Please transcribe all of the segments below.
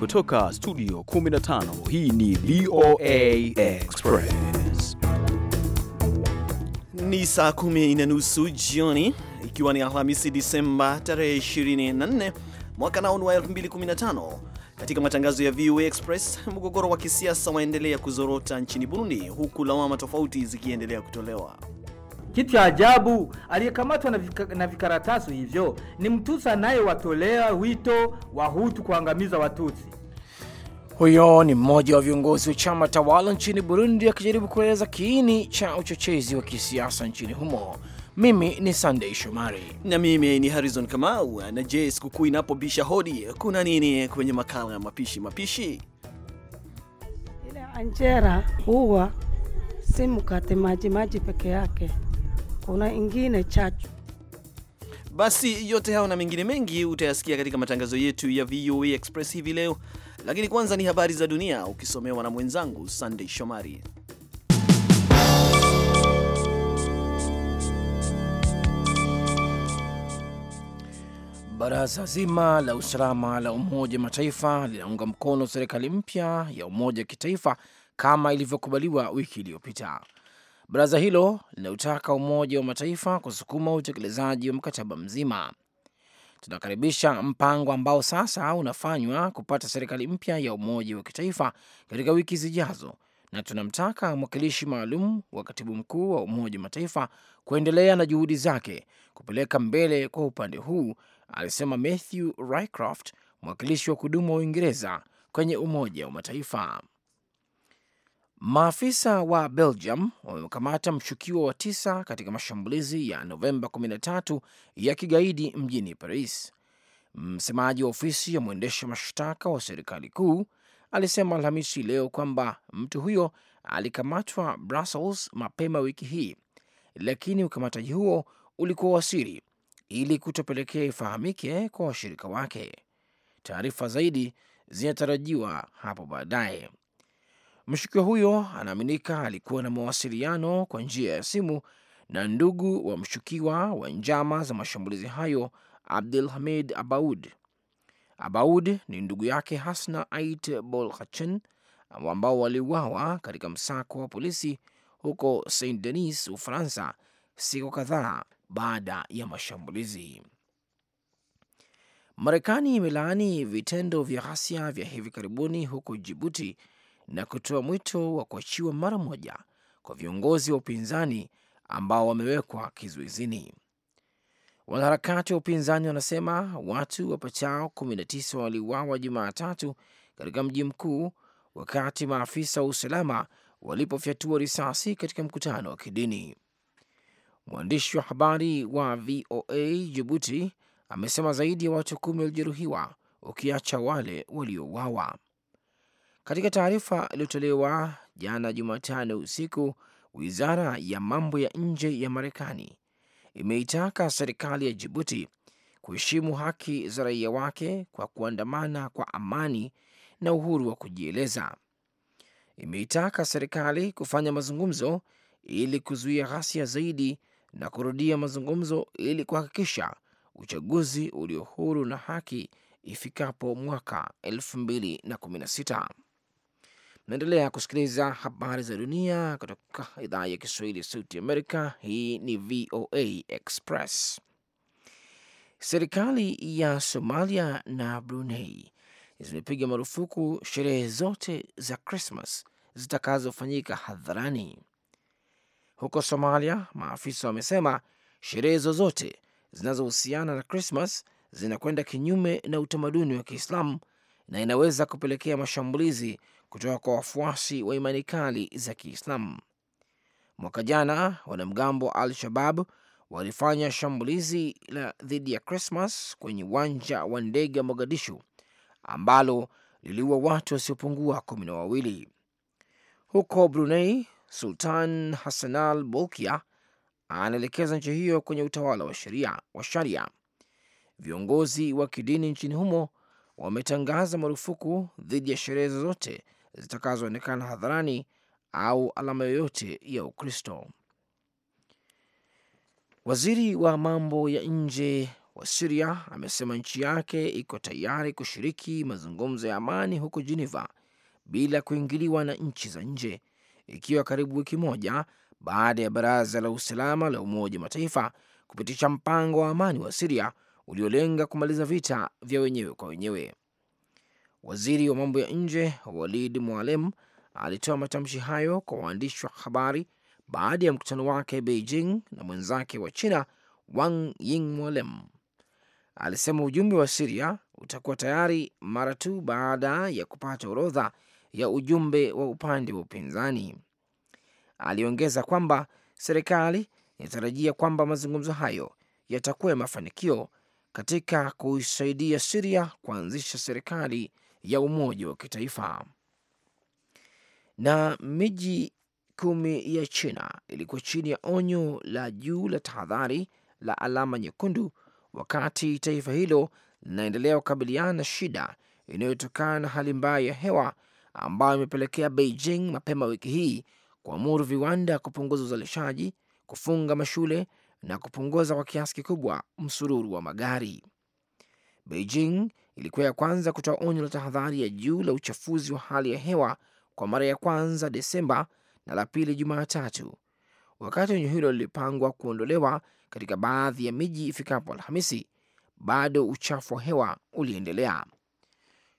Kutoka studio 15 hii ni VOA Express. Ni saa kumi na nusu jioni ikiwa ni Alhamisi Disemba tarehe 24 mwaka naonu wa 2015. Katika matangazo ya VOA Express, mgogoro wa kisiasa waendelea kuzorota nchini Burundi, huku lawama tofauti zikiendelea kutolewa. Kitu cha ajabu, aliyekamatwa na, vika, na vikaratasi hivyo ni Mtusi anayewatolea wito wa Hutu kuangamiza Watutsi. Huyo ni mmoja wa viongozi wa chama tawala nchini Burundi akijaribu kueleza kiini cha uchochezi wa kisiasa nchini humo. Mimi ni Sunday Shomari na mimi ni Harrison Kamau. Na je, sikukuu inapobisha hodi kuna nini kwenye makala ya mapishi mapishi? Ile anjera huwa si mkate maji maji peke yake kuna ingine chachu. Basi yote hayo na mengine mengi utayasikia katika matangazo yetu ya VOA Express hivi leo, lakini kwanza ni habari za dunia ukisomewa na mwenzangu Sunday Shomari. Baraza zima la usalama la Umoja wa Mataifa linaunga mkono serikali mpya ya umoja wa kitaifa kama ilivyokubaliwa wiki iliyopita. Baraza hilo linautaka Umoja wa Mataifa kusukuma utekelezaji wa mkataba mzima. Tunakaribisha mpango ambao sasa unafanywa kupata serikali mpya ya umoja wa kitaifa katika wiki zijazo, na tunamtaka mwakilishi maalum wa katibu mkuu wa Umoja wa Mataifa kuendelea na juhudi zake kupeleka mbele kwa upande huu, alisema Matthew Rycroft, mwakilishi wa kudumu wa Uingereza kwenye Umoja wa Mataifa. Maafisa wa Belgium wamekamata mshukiwa wa tisa katika mashambulizi ya Novemba 13 ya kigaidi mjini Paris. Msemaji wa ofisi ya mwendesha mashtaka wa serikali kuu alisema Alhamisi leo kwamba mtu huyo alikamatwa Brussels mapema wiki hii, lakini ukamataji huo ulikuwa wasiri ili kutopelekea ifahamike kwa washirika wake. Taarifa zaidi zinatarajiwa hapo baadaye. Mshukiwa huyo anaaminika alikuwa na mawasiliano kwa njia ya simu na ndugu wa mshukiwa wa njama za mashambulizi hayo Abdul Hamid Abaud. Abaud ni ndugu yake Hasna Ait Bolhachen, ambao waliuawa katika msako wa polisi huko Saint Denis, Ufaransa, siku kadhaa baada ya mashambulizi. Marekani imelaani vitendo vya ghasia vya hivi karibuni huko Jibuti na kutoa mwito wa kuachiwa mara moja kwa viongozi wa upinzani ambao wamewekwa kizuizini. Wanaharakati wa upinzani wanasema watu wapatao 19 waliuawa Jumatatu katika mji mkuu wakati maafisa wa usalama walipofyatua risasi katika mkutano wa kidini. Mwandishi wa habari wa VOA Jibuti amesema zaidi ya watu kumi walijeruhiwa ukiacha wale waliouawa. Katika taarifa iliyotolewa jana Jumatano usiku, wizara ya mambo ya nje ya Marekani imeitaka serikali ya Jibuti kuheshimu haki za raia wake kwa kuandamana kwa amani na uhuru wa kujieleza. Imeitaka serikali kufanya mazungumzo ili kuzuia ghasia zaidi na kurudia mazungumzo ili kuhakikisha uchaguzi ulio huru na haki ifikapo mwaka 2016. Naendelea kusikiliza habari za dunia kutoka idhaa ya Kiswahili ya Sauti Amerika. Hii ni VOA Express. Serikali ya Somalia na Brunei zimepiga marufuku sherehe zote za Krismas zitakazofanyika hadharani. Huko Somalia, maafisa wamesema sherehe zozote zinazohusiana na Krismas zinakwenda kinyume na utamaduni wa Kiislamu na inaweza kupelekea mashambulizi kutoka kwa wafuasi wa imani kali za Kiislamu. Mwaka jana wanamgambo wa Al-Shabab walifanya shambulizi la dhidi ya Krismas kwenye uwanja wa ndege wa Mogadishu ambalo liliua watu wasiopungua kumi na wawili. Huko Brunei, Sultan Hassanal bolkia anaelekeza nchi hiyo kwenye utawala wa sheria wa sharia. Viongozi wa kidini nchini humo wametangaza marufuku dhidi ya sherehe zozote zitakazoonekana hadharani au alama yoyote ya Ukristo. Waziri wa mambo ya nje wa Siria amesema nchi yake iko tayari kushiriki mazungumzo ya amani huko Geneva bila kuingiliwa na nchi za nje, ikiwa karibu wiki moja baada ya Baraza la Usalama la Umoja wa Mataifa kupitisha mpango wa amani wa Siria uliolenga kumaliza vita vya wenyewe kwa wenyewe. Waziri wa mambo ya nje Walid Mwalem alitoa matamshi hayo kwa waandishi wa habari baada ya mkutano wake Beijing na mwenzake wa China Wang ying mwalem Alisema ujumbe wa Siria utakuwa tayari mara tu baada ya kupata orodha ya ujumbe wa upande wa upinzani. Aliongeza kwamba serikali inatarajia kwamba mazungumzo hayo yatakuwa ya mafanikio katika kuisaidia Siria kuanzisha serikali ya umoja wa kitaifa. Na miji kumi ya China ilikuwa chini ya onyo la juu la tahadhari la alama nyekundu, wakati taifa hilo linaendelea kukabiliana na shida inayotokana na hali mbaya ya hewa ambayo imepelekea Beijing mapema wiki hii kuamuru viwanda kupunguza uzalishaji, kufunga mashule na kupunguza kwa kiasi kikubwa msururu wa magari. Beijing ilikuwa ya kwanza kutoa onyo la tahadhari ya juu la uchafuzi wa hali ya hewa kwa mara ya kwanza Desemba na la pili Jumatatu, wakati onyo hilo lilipangwa kuondolewa katika baadhi ya miji ifikapo Alhamisi. Bado uchafu wa hewa uliendelea.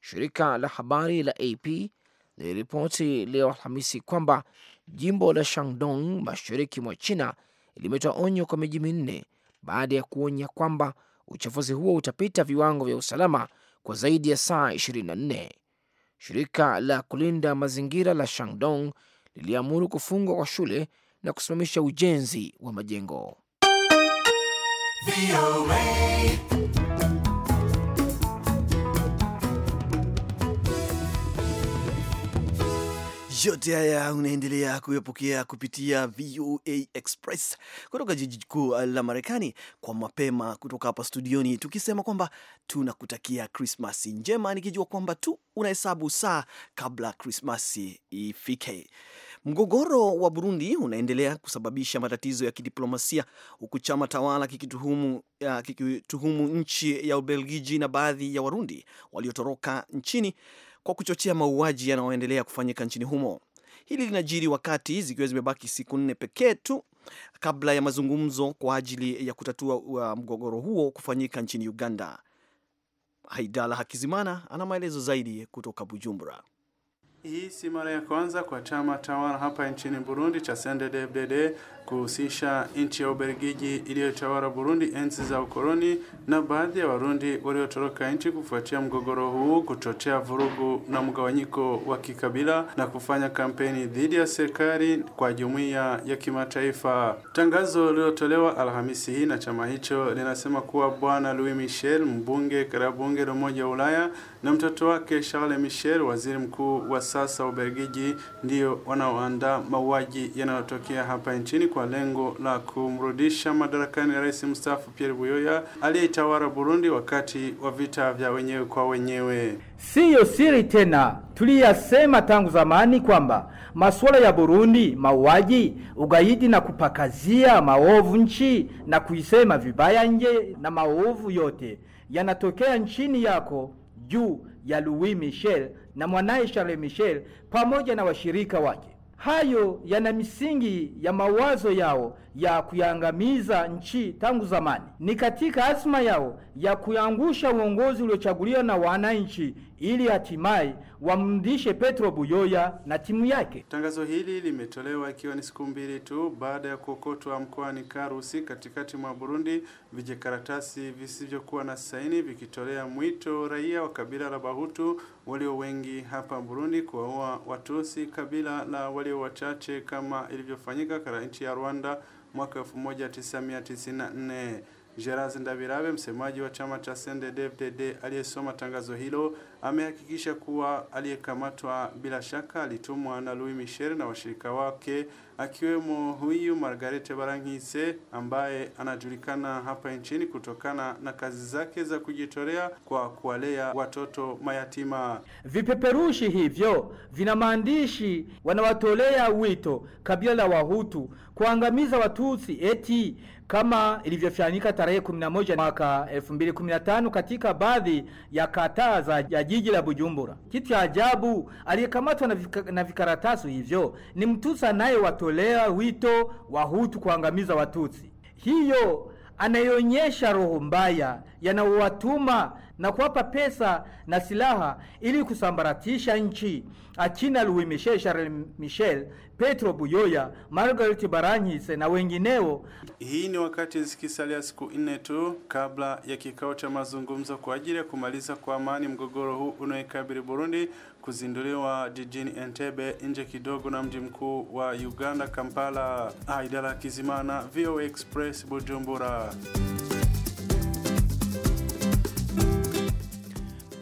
Shirika la habari la AP liliripoti leo Alhamisi kwamba jimbo la Shandong mashariki mwa China limetoa onyo kwa miji minne baada ya kuonya kwamba uchafuzi huo utapita viwango vya usalama kwa zaidi ya saa 24. Shirika la kulinda mazingira la Shandong liliamuru kufungwa kwa shule na kusimamisha ujenzi wa majengo. Yote haya unaendelea kuyapokea kupitia VOA Express kutoka jiji kuu la Marekani kwa mapema kutoka hapa studioni, tukisema kwamba tunakutakia Krismasi njema, nikijua kwamba tu unahesabu saa kabla Krismasi ifike. Mgogoro wa Burundi unaendelea kusababisha matatizo ya kidiplomasia huku chama tawala kikituhumu, kikituhumu nchi ya Ubelgiji na baadhi ya Warundi waliotoroka nchini kwa kuchochea mauaji yanayoendelea kufanyika nchini humo. Hili linajiri wakati zikiwa zimebaki siku nne pekee tu kabla ya mazungumzo kwa ajili ya kutatua uh, mgogoro huo kufanyika nchini Uganda. Haidala Hakizimana ana maelezo zaidi kutoka Bujumbura. Hii si mara ya kwanza kwa chama tawala hapa nchini Burundi cha CNDD-FDD kuhusisha nchi ya Ubelgiji iliyotawala Burundi enzi za ukoloni na baadhi ya Warundi waliotoroka nchi kufuatia mgogoro huu kuchochea vurugu na mgawanyiko wa kikabila na kufanya kampeni dhidi ya serikali kwa jumuiya ya kimataifa. Tangazo lililotolewa Alhamisi hii na chama hicho linasema kuwa Bwana Louis Michel, mbunge katika bunge la Umoja wa Ulaya, na mtoto wake Charles Michel, waziri mkuu wa sasa Ubelgiji ndio wanaoandaa mauaji yanayotokea hapa nchini kwa lengo la kumrudisha madarakani rais mstaafu Pierre Buyoya aliyetawala Burundi wakati wa vita vya wenyewe kwa wenyewe. Siyo siri tena, tuliyasema tangu zamani kwamba masuala ya Burundi, mauaji, ugaidi na kupakazia maovu nchi na kuisema vibaya nje na maovu yote yanatokea nchini yako juu ya Louis Michel na mwanaye Charles Michel pamoja na washirika wake. Hayo yana misingi ya mawazo yao ya kuyangamiza nchi tangu zamani. Ni katika azma yao ya kuyangusha uongozi uliochaguliwa na wananchi ili hatimaye wamrudishe Petro Buyoya na timu yake. Tangazo hili limetolewa ikiwa ni siku mbili tu baada ya kuokotwa mkoani Karusi katikati mwa Burundi vijikaratasi visivyokuwa na saini vikitolea mwito raia wa kabila la Bahutu walio wengi hapa Burundi kuwaua Watusi kabila la walio wachache kama ilivyofanyika katika nchi ya Rwanda mwaka 1994. Gerard Ndabirabe, msemaji wa chama cha CNDD-FDD aliyesoma tangazo hilo, amehakikisha kuwa aliyekamatwa bila shaka alitumwa na Louis Michel na washirika wake akiwemo huyu Margarete barangise ambaye anajulikana hapa nchini kutokana na kazi zake za kujitolea kwa kuwalea watoto mayatima. Vipeperushi hivyo vina maandishi wanawatolea wito kabila la Wahutu kuangamiza Watusi eti kama ilivyofanyika tarehe 11 mwaka 2015 katika baadhi ya kataa za ya jiji la Bujumbura. Kitu cha ajabu, aliyekamatwa na, vika, na vikaratasi hivyo ni Mtusi anayewatolea wito wa Hutu kuangamiza Watutsi. Hiyo anayeonyesha roho mbaya yanawatuma na kuwapa pesa na silaha ili kusambaratisha nchi. Akina Louis Michel, Charles Michel, Petro Buyoya, Margaret Baranyis na wengineo. Hii ni wakati zikisalia siku nne tu kabla ya kikao cha mazungumzo kwa ajili ya kumaliza kwa amani mgogoro huu unaoikabili Burundi kuzinduliwa jijini Entebbe nje kidogo na mji mkuu wa Uganda Kampala. Aidala Kizimana, VOA Express, Bujumbura.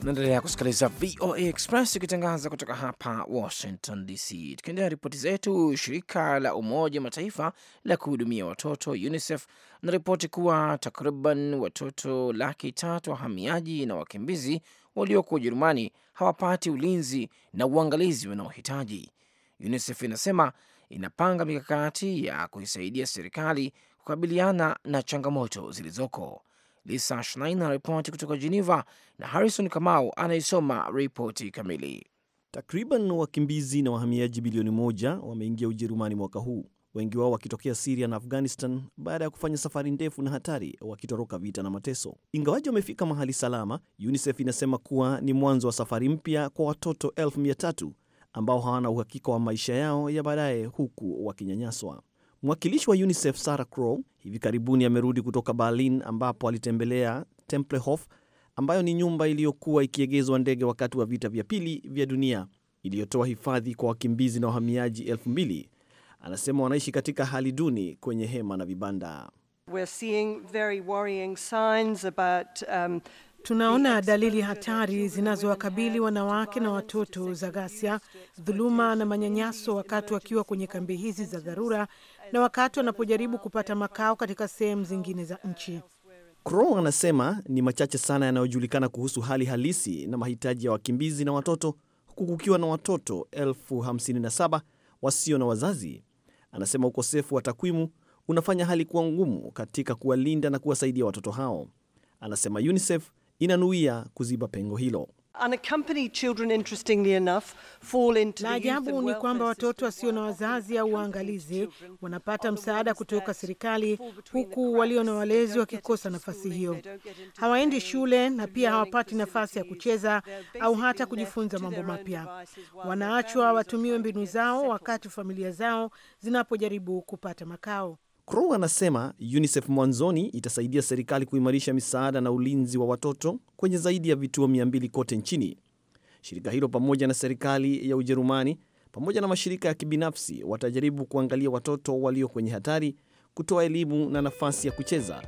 Naendelea kusikiliza VOA Express ikitangaza kutoka hapa Washington DC. Tukiendelea ripoti zetu, shirika la Umoja Mataifa la kuhudumia watoto UNICEF linaripoti kuwa takriban watoto laki tatu wahamiaji na wakimbizi walioko Ujerumani hawapati ulinzi na uangalizi wanaohitaji. UNICEF inasema inapanga mikakati ya kuisaidia serikali kukabiliana na changamoto zilizoko. Lisa Schlein anaripoti kutoka Geneva na Harrison Kamau anaisoma ripoti kamili. Takriban wakimbizi na wahamiaji bilioni moja wameingia Ujerumani mwaka huu, wengi wao wakitokea Siria na Afghanistan baada ya kufanya safari ndefu na hatari, wakitoroka vita na mateso. Ingawaji wamefika mahali salama, UNICEF inasema kuwa ni mwanzo wa safari mpya kwa watoto elfu mia tatu ambao hawana uhakika wa maisha yao ya baadaye, huku wakinyanyaswa. Mwakilishi wa UNICEF Sarah Crow hivi karibuni amerudi kutoka Berlin ambapo alitembelea Templehof ambayo ni nyumba iliyokuwa ikiegezwa ndege wakati wa vita vya pili vya dunia iliyotoa hifadhi kwa wakimbizi na wahamiaji elfu mbili. Anasema wanaishi katika hali duni kwenye hema na vibanda. Um, tunaona dalili hatari zinazowakabili wanawake na watoto za ghasia, dhuluma na manyanyaso wakati wakiwa kwenye kambi hizi za dharura na wakati wanapojaribu kupata makao katika sehemu zingine za nchi. Crow anasema ni machache sana yanayojulikana kuhusu hali halisi na mahitaji ya wakimbizi na watoto, huku kukiwa na watoto elfu wasio na wazazi. Anasema ukosefu wa takwimu unafanya hali kuwa ngumu katika kuwalinda na kuwasaidia watoto hao. Anasema UNICEF inanuia kuziba pengo hilo. Na ajabu ni kwamba watoto wasio na wazazi au waangalizi wanapata msaada kutoka serikali, huku walio na walezi wakikosa nafasi hiyo. Hawaendi shule na pia hawapati nafasi ya kucheza au hata kujifunza mambo mapya. Wanaachwa watumiwe mbinu zao wakati familia zao zinapojaribu kupata makao. Crow anasema UNICEF mwanzoni itasaidia serikali kuimarisha misaada na ulinzi wa watoto kwenye zaidi ya vituo 200 kote nchini. Shirika hilo pamoja na serikali ya Ujerumani pamoja na mashirika ya kibinafsi watajaribu kuangalia watoto walio kwenye hatari, kutoa elimu na nafasi ya kucheza,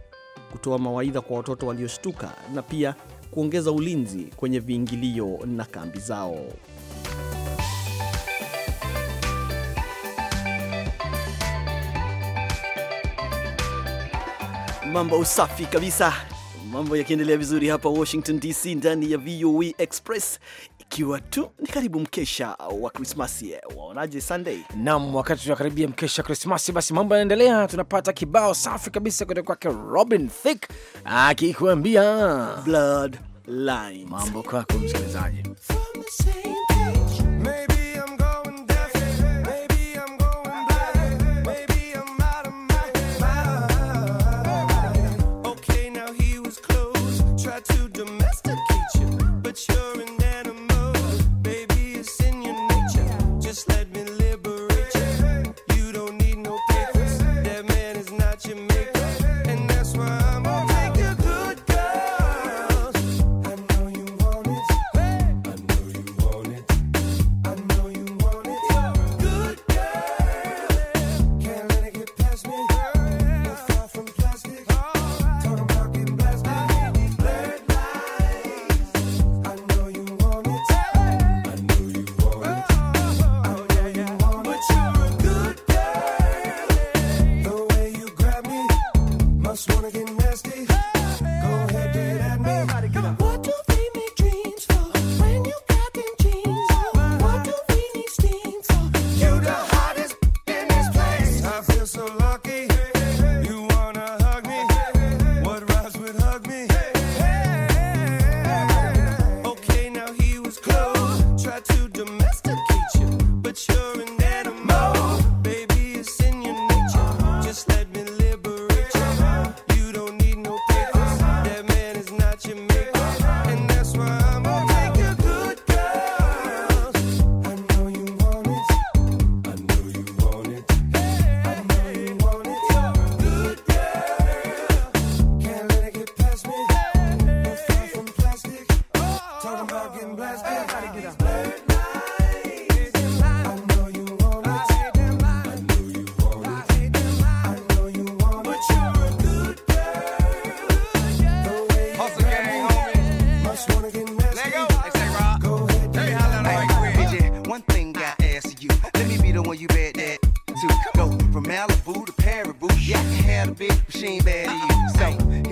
kutoa mawaidha kwa watoto walioshtuka na pia kuongeza ulinzi kwenye viingilio na kambi zao. Mambo usafi kabisa, mambo yakiendelea vizuri hapa Washington DC, ndani ya VOA e Express ikiwa tu ni karibu mkesha wa Krismasi. Eh, waonaje Sunday? Naam, wakati tunakaribia mkesha Krismasi, basi mambo yanaendelea. Tunapata kibao safi kabisa kutoka kwake Robin Thicke akikuambia blood lines. Mambo kwako msikilizaji.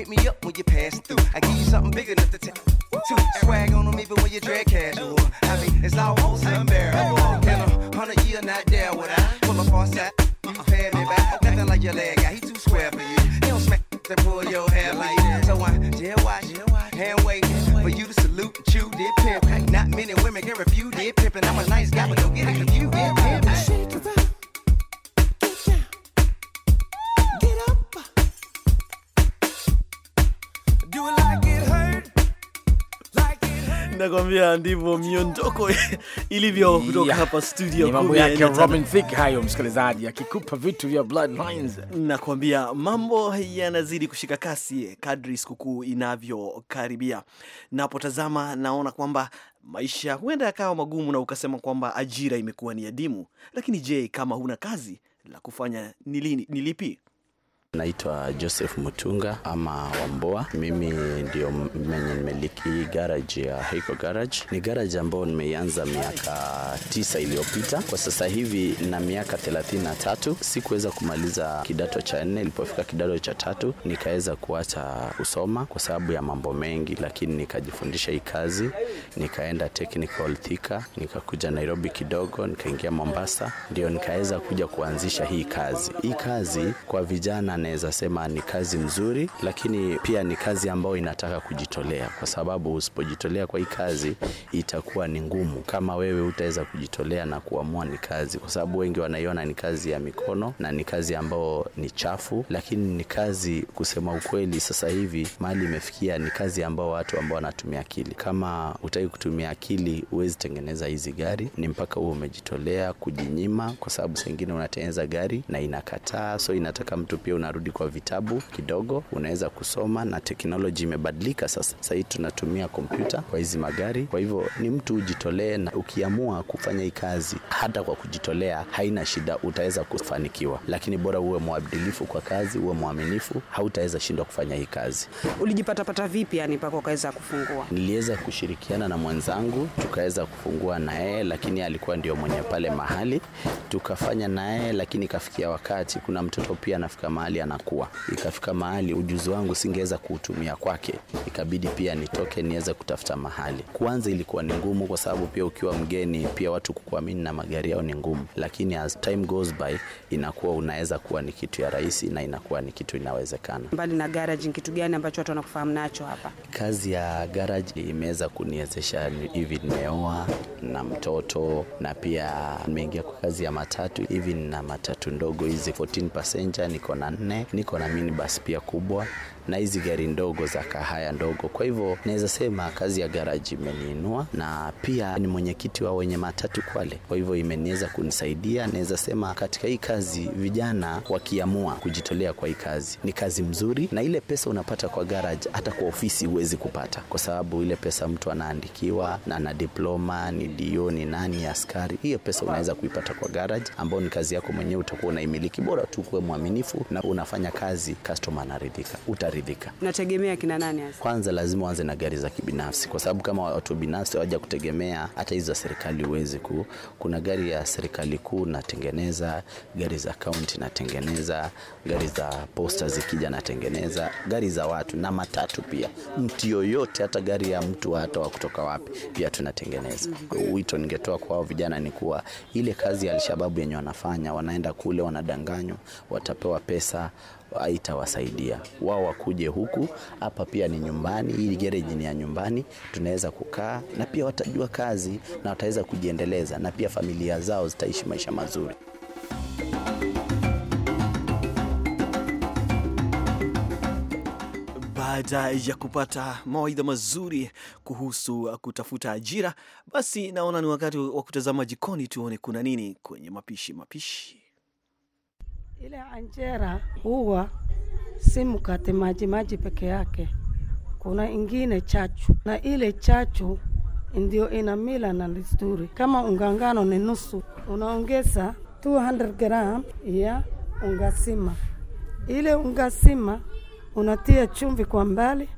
me up when you pass through. I give you something big enough to take. Two swag on them even when you drag casual. I mean, it's almost unbearable. In a hundred year, not there would I pull my on side. You uh-uh. pay me back. Nothing like your leg guy. He too square for you. He don't smack to pull your hair like that. So I jail watch, hand wait for you to salute and chew did pimp. Not many women can refute. did pimpin'. I'm a nice guy, but don't get it. nakwambia ndivyo miondoko ilivyo kutoka hapa studio. Mambo yake Robin Thicke hayo, msikilizaji, akikupa vitu vya Bloodlines. Nakwambia mambo yanazidi kushika kasi kadri sikukuu inavyokaribia. Napotazama naona kwamba maisha huenda yakawa magumu, na ukasema kwamba ajira imekuwa ni adimu, lakini je, kama huna kazi la kufanya ni lipi? Naitwa Joseph Mutunga ama Wamboa. Mimi ndio mwenye nimeliki garage ya Heiko Garage. Ni garage ambayo nimeianza miaka tisa iliyopita. Kwa sasa hivi na miaka thelathini na tatu. Sikuweza kumaliza kidato cha nne, ilipofika kidato cha tatu nikaweza kuacha kusoma kwa sababu ya mambo mengi, lakini nikajifundisha hii kazi, nikaenda technical Thika, nikakuja Nairobi kidogo, nikaingia Mombasa, ndio nikaweza kuja kuanzisha hii kazi. Hii kazi kwa vijana anaweza sema ni kazi mzuri, lakini pia ni kazi ambayo inataka kujitolea, kwa sababu usipojitolea kwa hii kazi itakuwa ni ngumu kama wewe utaweza kujitolea na kuamua ni kazi, kwa sababu wengi wanaiona ni kazi ya mikono na ni kazi ambayo ni chafu, lakini ni kazi kusema ukweli, sasa hivi mali imefikia ni kazi ambao watu ambao wanatumia akili. Kama utaki kutumia akili, huwezi tengeneza hizi gari, ni mpaka huo umejitolea kujinyima, kwa sababu sengine unatengeneza gari na inakataa, so inataka mtu pia una unarudi kwa vitabu kidogo, unaweza kusoma, na teknoloji imebadilika sasa. Sasa hii tunatumia kompyuta kwa hizi magari. Kwa hivyo ni mtu ujitolee, na ukiamua kufanya hii kazi hata kwa kujitolea, haina shida, utaweza kufanikiwa, lakini bora uwe mwadilifu kwa kazi, uwe mwaminifu, hautaweza shindwa kufanya hii kazi. Ulijipatapata vipi yani mpaka ukaweza kufungua? Niliweza kushirikiana na mwenzangu, tukaweza kufungua na yeye lakini alikuwa ndio mwenye pale mahali, tukafanya na yeye lakini kafikia wakati kuna mtoto pia anafika mahali akili anakuwa. Ikafika mahali ujuzi wangu singeweza kuutumia kwake, ikabidi pia nitoke niweze kutafuta mahali. Kwanza ilikuwa ni ngumu, kwa sababu pia ukiwa mgeni, pia watu kukuamini na magari yao ni ngumu, lakini as time goes by inakuwa unaweza kuwa ni kitu ya rahisi na inakuwa ni kitu inawezekana. Mbali na garage, kitu gani ambacho watu wanakufahamu nacho hapa? Kazi ya garage imeweza kuniwezesha hivi, nimeoa na mtoto na pia nimeingia kwa kazi ya matatu hivi, na matatu ndogo hizi 14 passenger niko na nne Niko na minibus pia kubwa na hizi gari ndogo za kahaya ndogo. Kwa hivyo naweza sema kazi ya garaji imeniinua, na pia ni mwenyekiti wa wenye matatu Kwale, kwa hivyo imeniweza kunisaidia. Naweza sema katika hii kazi vijana wakiamua kujitolea kwa hii kazi, ni kazi mzuri, na ile pesa unapata kwa garaji, hata kwa ofisi huwezi kupata, kwa sababu ile pesa mtu anaandikiwa na ana diploma ni dio ni nani askari, hiyo pesa unaweza kuipata kwa garaji, ambao ni kazi yako mwenyewe utakuwa unaimiliki. Bora tu kuwe mwaminifu na unafanya kazi, customer anaridhika, utaridhika kuridhika. Unategemea kina nani hasa? Kwanza lazima uanze na gari za kibinafsi, kwa sababu kama watu binafsi waja kutegemea hata hizo za serikali huwezi ku. Kuna gari ya serikali kuu natengeneza, gari za kaunti natengeneza, gari za posta zikija natengeneza, gari za watu na matatu pia, mtu yoyote, hata gari ya mtu hata wa kutoka wapi pia tunatengeneza. Mhm. Wito ningetoa kwa vijana ni kuwa ile kazi ya Alshababu yenye wanafanya, wanaenda kule wanadanganywa, watapewa pesa itawasaidia wao wakuje huku. Hapa pia ni nyumbani, hii gereji ni ya nyumbani, tunaweza kukaa na pia watajua kazi na wataweza kujiendeleza, na pia familia zao zitaishi maisha mazuri. Baada ya kupata mawaidha mazuri kuhusu kutafuta ajira, basi naona ni wakati wa kutazama jikoni, tuone kuna nini kwenye mapishi mapishi. Ile anjera huwa si mkate maji maji peke yake, kuna ingine chachu, na ile chachu ndio ina mila na desturi. Kama ungangano ni nusu, unaongeza 200 gram ya ungasima. Ile ungasima unatia chumvi kwa mbali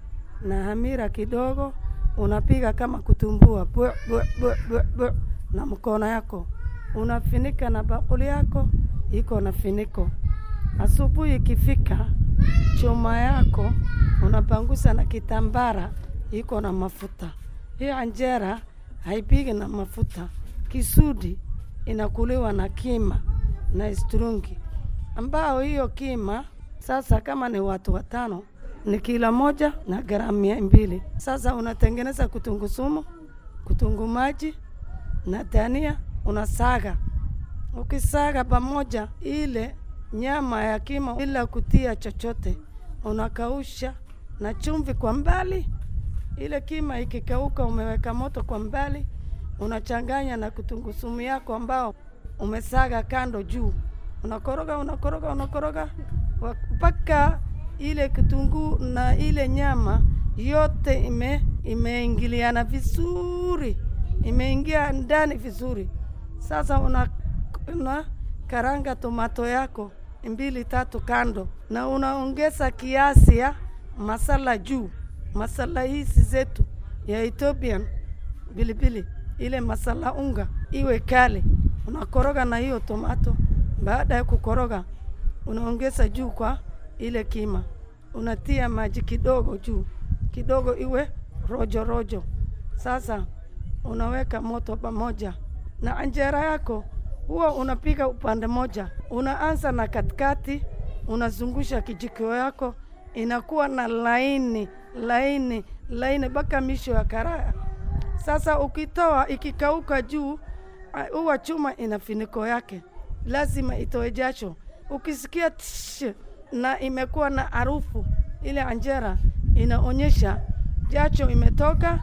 na hamira kidogo, unapiga kama kutumbua bwe, bwe, bwe, bwe, na mkono yako unafinika na bakuli yako iko na finiko. Asubuhi ikifika, chuma yako unapangusa na kitambara, iko na mafuta. Hiyo anjera haipigi na mafuta, kisudi inakuliwa na kima na strungi, ambao hiyo kima sasa, kama ni watu watano ni kila moja na gramu mia mbili. Sasa unatengeneza kutungu sumu, kutungu maji na dania unasaga Ukisaga pamoja ile nyama ya kima bila kutia chochote, unakausha na chumvi kwa mbali. Ile kima ikikauka, umeweka moto kwa mbali, unachanganya na kutungusumu yako ambao umesaga kando juu, unakoroga unakoroga unakoroga mpaka ile kitunguu na ile nyama yote ime imeingiliana vizuri, imeingia ndani vizuri. Sasa una na karanga tomato yako mbili tatu kando, na unaongeza kiasi ya masala juu. Masala hizi zetu ya Ethiopian pilipili, ile masala unga iwe kali, unakoroga na hiyo tomato. Baada ya kukoroga, unaongeza juu kwa ile kima, unatia maji kidogo juu kidogo, iwe rojo rojo. Sasa unaweka moto pamoja na anjera yako huwa unapiga upande moja, unaanza na katikati, unazungusha kijiko yako, inakuwa na laini laini laini mpaka misho ya karaya. Sasa ukitoa ikikauka juu, ah, huwa chuma ina finiko yake, lazima itoe jasho. Ukisikia tsh, na imekuwa na harufu ile, anjera inaonyesha jasho imetoka,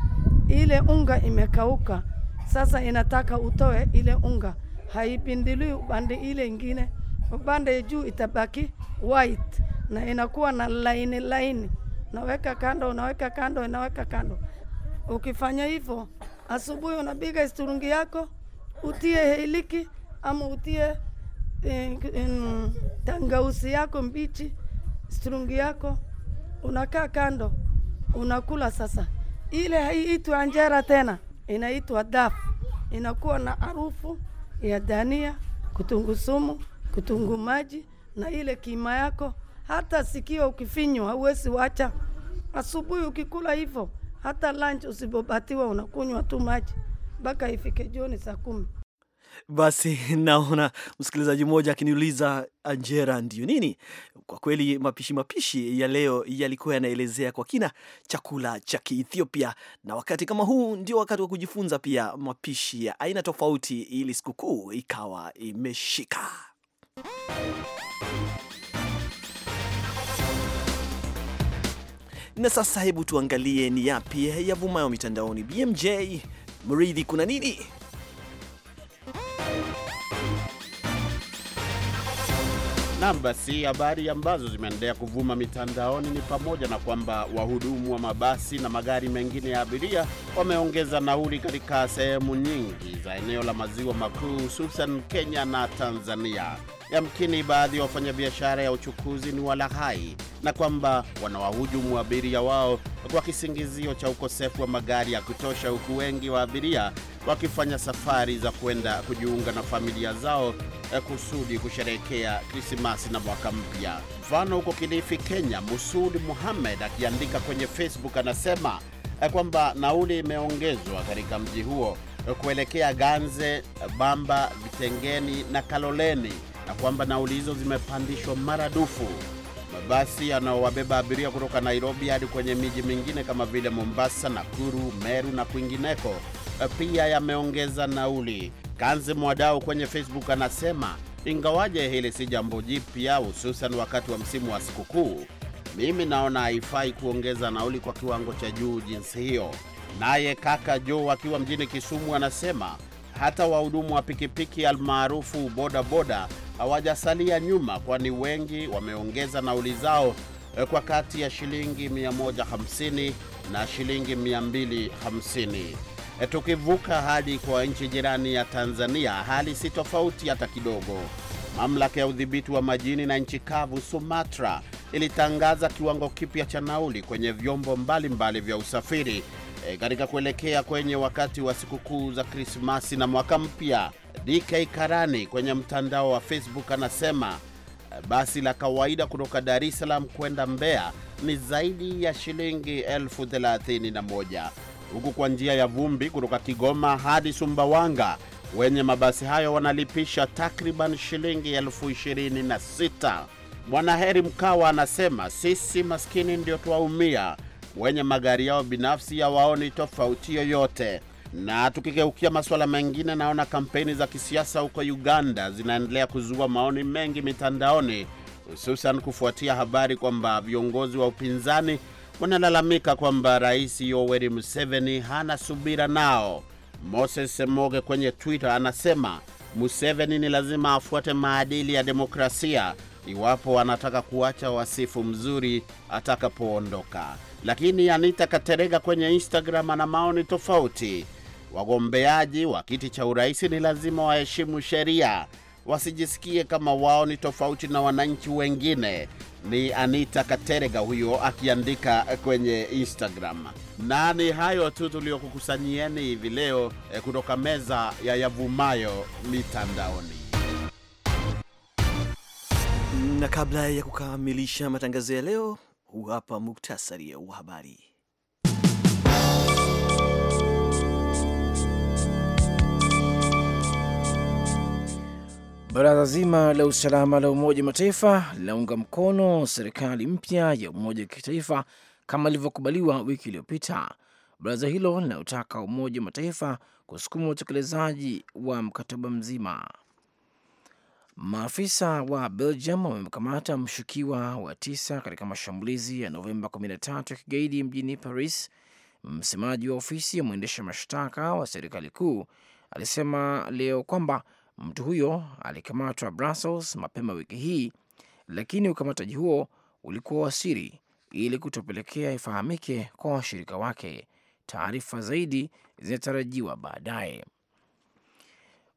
ile unga imekauka. Sasa inataka utoe ile unga haipindiliwi upande ile ingine. Upande juu itabaki white na inakuwa na laini laini, naweka kando, unaweka kando, inaweka kando. Ukifanya hivyo, asubuhi unapiga isturungi yako, utie heiliki ama utie in, eh, in, eh, tangausi yako mbichi, isturungi yako, unakaa kando, unakula sasa. Ile haiitwa anjera tena, inaitwa daf, inakuwa na harufu ya dania, kutungu sumu, kutungu maji na ile kima yako. Hata sikio ukifinywa hauwezi wacha. Asubuhi ukikula hivyo, hata lunch usipobatiwa, unakunywa tu maji mpaka ifike jioni saa kumi. Basi naona msikilizaji mmoja akiniuliza anjera ndiyo nini? Kwa kweli mapishi mapishi ya leo yalikuwa yanaelezea kwa kina chakula cha Kiethiopia, na wakati kama huu ndio wakati wa kujifunza pia mapishi ya aina tofauti, ili sikukuu ikawa imeshika. Na sasa hebu tuangalie ni yapi yavumayo mitandaoni. BMJ Mridhi, kuna nini? Nam, basi habari ambazo zimeendelea kuvuma mitandaoni ni pamoja na kwamba wahudumu wa mabasi na magari mengine ya abiria wameongeza nauli katika sehemu nyingi za eneo la maziwa makuu hususan Kenya na Tanzania. Yamkini baadhi ya wafanyabiashara ya uchukuzi ni hai na kwamba wanawahujumu abiria wao kwa kisingizio cha ukosefu wa magari ya kutosha, huku wengi wa abiria wakifanya safari za kwenda kujiunga na familia zao eh, kusudi kusherehekea Krismasi na mwaka mpya. Mfano, huko Kilifi, Kenya, Musud muhamed akiandika kwenye Facebook anasema eh, kwamba nauli imeongezwa katika mji huo eh, kuelekea Ganze, Bamba, Vitengeni na Kaloleni, na kwamba nauli hizo zimepandishwa maradufu. Mabasi yanaowabeba abiria kutoka Nairobi hadi kwenye miji mingine kama vile Mombasa, Nakuru, Meru na kwingineko Eh, pia yameongeza nauli. Kanzi Mwadau kwenye Facebook anasema ingawaje hili si jambo jipya, hususan wakati wa msimu wa sikukuu, mimi naona haifai kuongeza nauli kwa kiwango cha juu jinsi hiyo. Naye kaka Jo akiwa mjini Kisumu anasema hata wahudumu wa pikipiki almaarufu bodaboda hawajasalia nyuma, kwani wengi wameongeza nauli zao eh, kwa kati ya shilingi 150 na shilingi 250. E, tukivuka hadi kwa nchi jirani ya Tanzania, hali si tofauti hata kidogo. Mamlaka ya udhibiti wa majini na nchi kavu Sumatra ilitangaza kiwango kipya cha nauli kwenye vyombo mbalimbali mbali vya usafiri e, katika kuelekea kwenye wakati wa sikukuu za Krismasi na mwaka mpya. DK Karani kwenye mtandao wa Facebook anasema e, basi la kawaida kutoka Dar es Salaam kwenda Mbeya ni zaidi ya shilingi elfu thelathini na moja huku kwa njia ya vumbi kutoka Kigoma hadi Sumbawanga. Wenye mabasi hayo wanalipisha takriban shilingi elfu ishirini na sita. Mkawa anasema sisi maskini ndio twaumia, wenye magari yao binafsi hawaoni tofauti yoyote. Na tukigeukia masuala mengine, naona kampeni za kisiasa huko Uganda zinaendelea kuzua maoni mengi mitandaoni, hususan kufuatia habari kwamba viongozi wa upinzani wanalalamika kwamba Rais Yoweri Museveni hana subira nao. Moses Moge kwenye Twitter anasema Museveni ni lazima afuate maadili ya demokrasia iwapo anataka kuacha wasifu mzuri atakapoondoka. Lakini Anita Katerega kwenye Instagram ana maoni tofauti. Wagombeaji wa kiti cha urais ni lazima waheshimu sheria, wasijisikie kama wao ni tofauti na wananchi wengine. Ni Anita Katerega huyo akiandika kwenye Instagram. Na ni hayo tu tuliyokukusanyieni hivi leo eh, kutoka meza ya yavumayo mitandaoni. Na kabla ya kukamilisha matangazo ya leo, huu hapa muktasari wa habari. Baraza zima la usalama la Umoja Mataifa linaunga mkono serikali mpya ya umoja wa kitaifa kama ilivyokubaliwa wiki iliyopita. Baraza hilo linayotaka Umoja Mataifa kusukuma utekelezaji wa mkataba mzima. Maafisa wa Belgium wamemkamata mshukiwa wa tisa katika mashambulizi ya Novemba 13 ya kigaidi mjini Paris. Msemaji wa ofisi ya mwendesha mashtaka wa serikali kuu alisema leo kwamba Mtu huyo alikamatwa Brussels mapema wiki hii, lakini ukamataji huo ulikuwa wa siri ili kutopelekea ifahamike kwa washirika wake. Taarifa zaidi zinatarajiwa baadaye.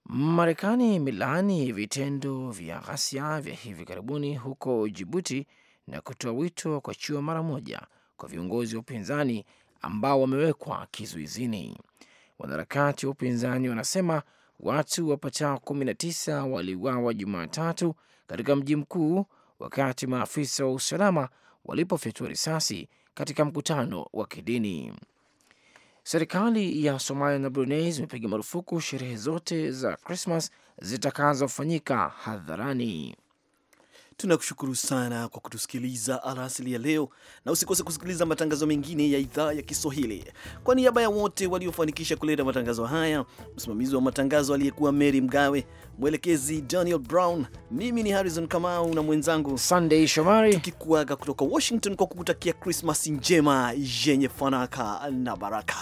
Marekani imelaani vitendo vya ghasia vya hivi karibuni huko Jibuti na kutoa wito wa kuachiwa mara moja kwa viongozi wa upinzani ambao wamewekwa kizuizini. Wanaharakati wa upinzani wanasema watu wapatao 19 waliuawa Jumatatu katika mji mkuu wakati maafisa wa usalama walipofyatua risasi katika mkutano wa kidini. Serikali ya Somalia na Brunei zimepiga marufuku sherehe zote za Krismas zitakazofanyika hadharani. Tunakushukuru sana kwa kutusikiliza alasili ya leo, na usikose kusikiliza matangazo mengine ya idhaa ya Kiswahili. Kwa niaba ya wote waliofanikisha kuleta matangazo haya, msimamizi wa matangazo aliyekuwa Mary Mgawe, mwelekezi Daniel Brown, mimi ni Harrison Kamau na mwenzangu Sunday Shomari, tukikuaga kutoka Washington kwa kukutakia Krismasi njema yenye fanaka na baraka.